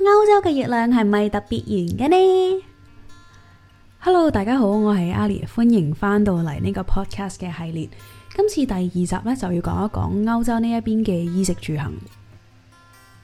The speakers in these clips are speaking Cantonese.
歐洲嘅月亮係咪特別圓嘅呢？Hello，大家好，我係阿麗，歡迎翻到嚟呢個 podcast 嘅系列。今次第二集呢，就要講一講歐洲呢一邊嘅衣食住行。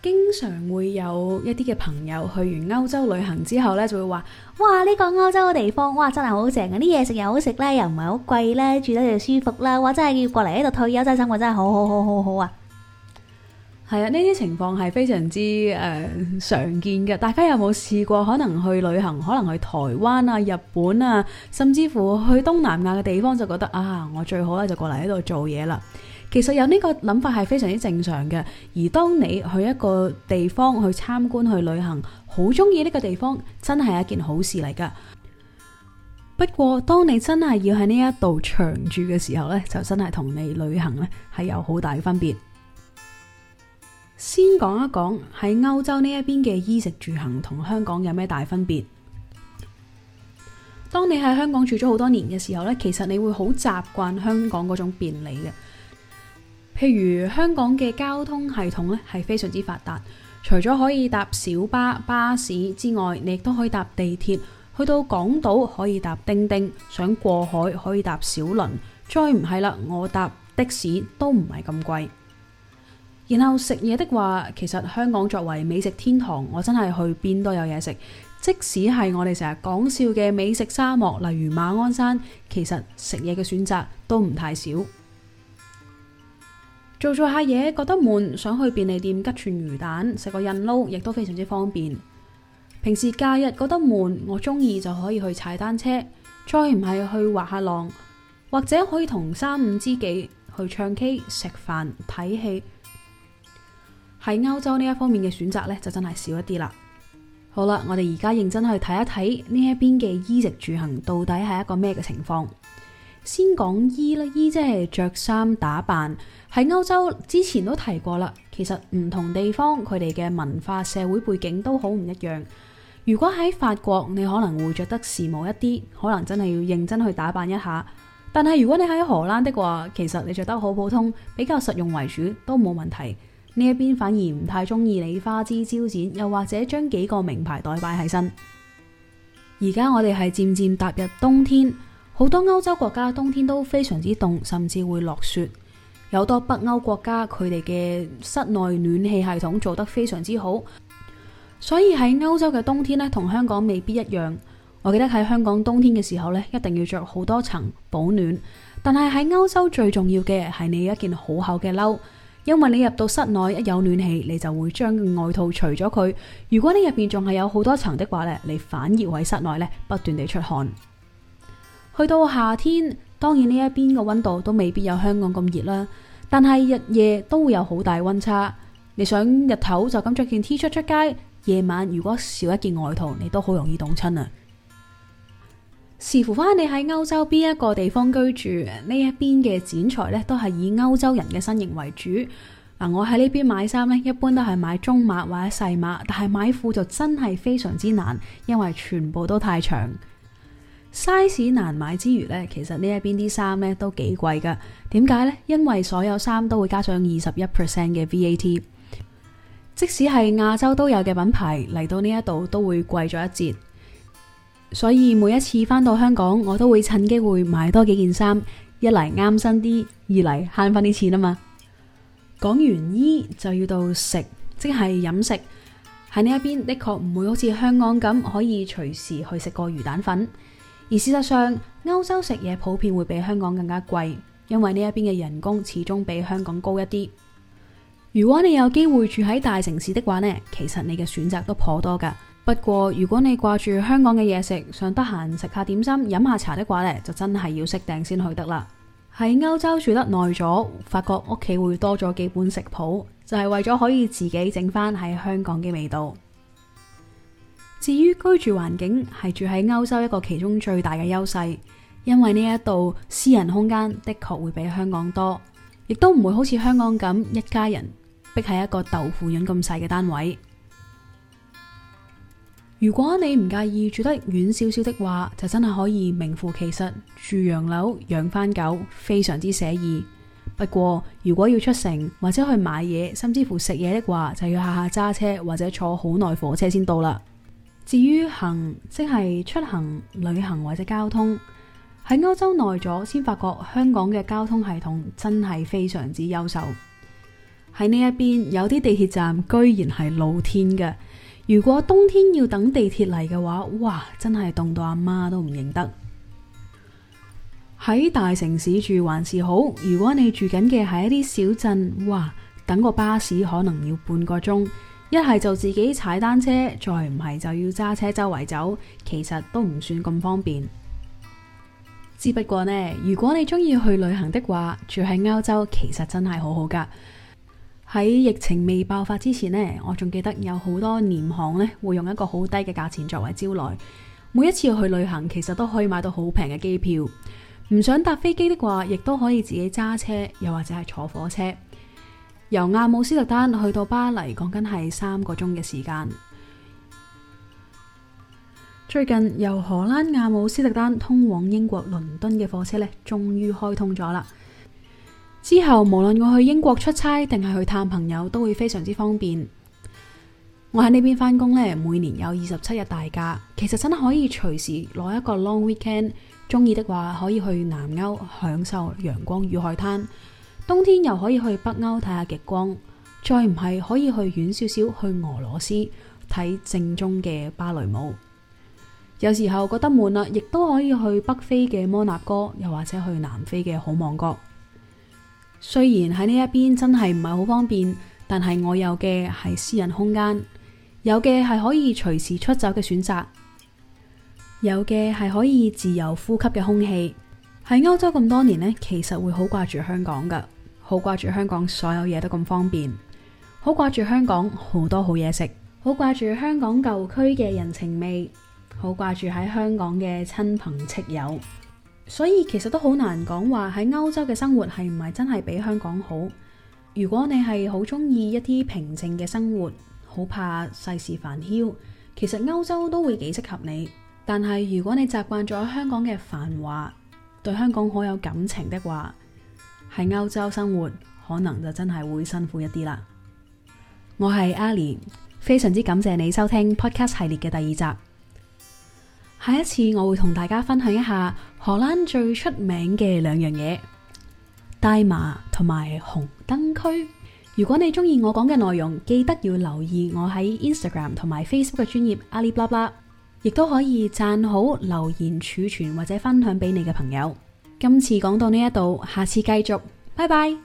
經常會有一啲嘅朋友去完歐洲旅行之後呢，就會話：哇，呢個歐洲嘅地方，哇，真係好正啊！啲嘢食又好食咧，又唔係好貴咧，住得又舒服啦，哇！真係要過嚟呢度退休真係生活真係好好好好好啊！係啊，呢啲情況係非常之誒、呃、常見嘅。大家有冇試過可能去旅行，可能去台灣啊、日本啊，甚至乎去東南亞嘅地方，就覺得啊，我最好咧就過嚟呢度做嘢啦。其實有呢個諗法係非常之正常嘅。而當你去一個地方去參觀去旅行，好中意呢個地方，真係一件好事嚟㗎。不過當你真係要喺呢一度長住嘅時候呢，就真係同你旅行呢，係有好大嘅分別。先講一講喺歐洲呢一邊嘅衣食住行同香港有咩大分別？當你喺香港住咗好多年嘅時候呢，其實你會好習慣香港嗰種便利嘅。譬如香港嘅交通系統呢，係非常之發達，除咗可以搭小巴、巴士之外，你亦都可以搭地鐵去到港島，可以搭叮叮，想過海可以搭小輪，再唔係啦，我搭的士都唔係咁貴。然後食嘢的話，其實香港作為美食天堂，我真係去邊都有嘢食。即使係我哋成日講笑嘅美食沙漠，例如馬鞍山，其實食嘢嘅選擇都唔太少。做做下嘢覺得悶，想去便利店吉串魚蛋食個印撈，亦都非常之方便。平時假日覺得悶，我中意就可以去踩單車，再唔係去滑下浪，或者可以同三五知己去唱 K、食飯、睇戲。喺歐洲呢一方面嘅選擇咧，就真係少一啲啦。好啦，我哋而家認真去睇一睇呢一邊嘅衣食住行到底係一個咩嘅情況。先講衣啦，衣即係着衫打扮。喺歐洲之前都提過啦。其實唔同地方，佢哋嘅文化、社會背景都好唔一樣。如果喺法國，你可能會着得時髦一啲，可能真係要認真去打扮一下。但係如果你喺荷蘭的話，其實你着得好普通，比較實用為主都冇問題。呢一邊反而唔太中意你花枝招展，又或者將幾個名牌袋擺喺身。而家我哋係漸漸踏入冬天，好多歐洲國家冬天都非常之凍，甚至會落雪。有多北歐國家佢哋嘅室內暖氣系統做得非常之好，所以喺歐洲嘅冬天呢，同香港未必一樣。我記得喺香港冬天嘅時候呢，一定要着好多層保暖。但係喺歐洲最重要嘅係你一件好厚嘅褸。因為你入到室內一有暖氣，你就會將外套除咗佢。如果呢入邊仲係有好多層的話呢，你反而喺室內呢不斷地出汗。去到夏天，當然呢一邊嘅温度都未必有香港咁熱啦，但係日夜都會有好大温差。你想日頭就咁着件 T 恤出街，夜晚如果少一件外套，你都好容易凍親啊！視乎翻你喺歐洲邊一個地方居住，呢一邊嘅剪裁咧都係以歐洲人嘅身形為主。嗱，我喺呢邊買衫咧，一般都係買中碼或者細碼，但係買褲就真係非常之難，因為全部都太長。size 難買之餘咧，其實呢一邊啲衫咧都幾貴㗎。點解呢？因為所有衫都會加上二十一 percent 嘅 VAT，即使係亞洲都有嘅品牌嚟到呢一度都會貴咗一截。所以每一次翻到香港，我都會趁機會買多幾件衫，一嚟啱身啲，二嚟慳翻啲錢啊嘛。講完衣就要到食，即係飲食。喺呢一邊，的確唔會好似香港咁可以隨時去食個魚蛋粉，而事實上歐洲食嘢普遍會比香港更加貴，因為呢一邊嘅人工始終比香港高一啲。如果你有機會住喺大城市的話呢，其實你嘅選擇都頗多噶。不過如果你掛住香港嘅嘢食，想得閒食下點心、飲下茶的話呢，就真係要識訂先去得啦。喺歐洲住得耐咗，發覺屋企會多咗幾本食譜，就係、是、為咗可以自己整返喺香港嘅味道。至於居住環境，係住喺歐洲一個其中最大嘅優勢，因為呢一度私人空間的確會比香港多，亦都唔會好似香港咁一,一家人逼喺一個豆腐潤咁細嘅單位。如果你唔介意住得遠少少的話，就真係可以名副其實住洋樓養番狗，非常之寫意。不過如果要出城或者去買嘢，甚至乎食嘢的話，就要下下揸車或者坐好耐火車先到啦。至於行，即係出行、旅行或者交通，喺歐洲耐咗先發覺香港嘅交通系統真係非常之優秀。喺呢一邊，有啲地鐵站居然係露天嘅。如果冬天要等地鐵嚟嘅話，哇，真係凍到阿媽都唔認得。喺大城市住還是好，如果你住緊嘅係一啲小鎮，哇，等個巴士可能要半個鐘，一係就自己踩單車，再唔係就要揸車周圍走，其實都唔算咁方便。只不過呢，如果你鍾意去旅行的話，住喺歐洲其實真係好好噶。喺疫情未爆發之前呢，我仲記得有好多廉航呢，會用一個好低嘅價錢作為招來。每一次去旅行，其實都可以買到好平嘅機票。唔想搭飛機的話，亦都可以自己揸車，又或者係坐火車。由阿姆斯特丹去到巴黎，講緊係三個鐘嘅時間。最近由荷蘭阿姆斯特丹通往英國倫敦嘅火車呢，終於開通咗啦。之後，無論我去英國出差定係去探朋友，都會非常之方便。我喺呢邊返工呢，每年有二十七日大假，其實真可以隨時攞一個 long weekend。中意的話，可以去南歐享受陽光與海灘；冬天又可以去北歐睇下極光；再唔係可以去遠少少去俄羅斯睇正宗嘅芭蕾舞。有時候覺得悶啦，亦都可以去北非嘅摩納哥，又或者去南非嘅好望角。雖然喺呢一邊真係唔係好方便，但係我有嘅係私人空間，有嘅係可以隨時出走嘅選擇，有嘅係可以自由呼吸嘅空氣。喺歐洲咁多年呢，其實會好掛住香港㗎，好掛住香港所有嘢都咁方便，好掛住香港好多好嘢食，好掛住香港舊區嘅人情味，好掛住喺香港嘅親朋戚友。所以其實都好難講話喺歐洲嘅生活係唔係真係比香港好。如果你係好中意一啲平靜嘅生活，好怕世事繁囂，其實歐洲都會幾適合你。但係如果你習慣咗香港嘅繁華，對香港好有感情的話，喺歐洲生活可能就真係會辛苦一啲啦。我係阿蓮，非常之感謝你收聽 Podcast 系列嘅第二集。下一次我會同大家分享一下荷蘭最出名嘅兩樣嘢，大麻同埋紅燈區。如果你中意我講嘅內容，記得要留意我喺 Instagram 同埋 Facebook 嘅專業阿哩卜卜，亦都可以贊好、留言、儲存或者分享俾你嘅朋友。今次講到呢一度，下次繼續，拜拜。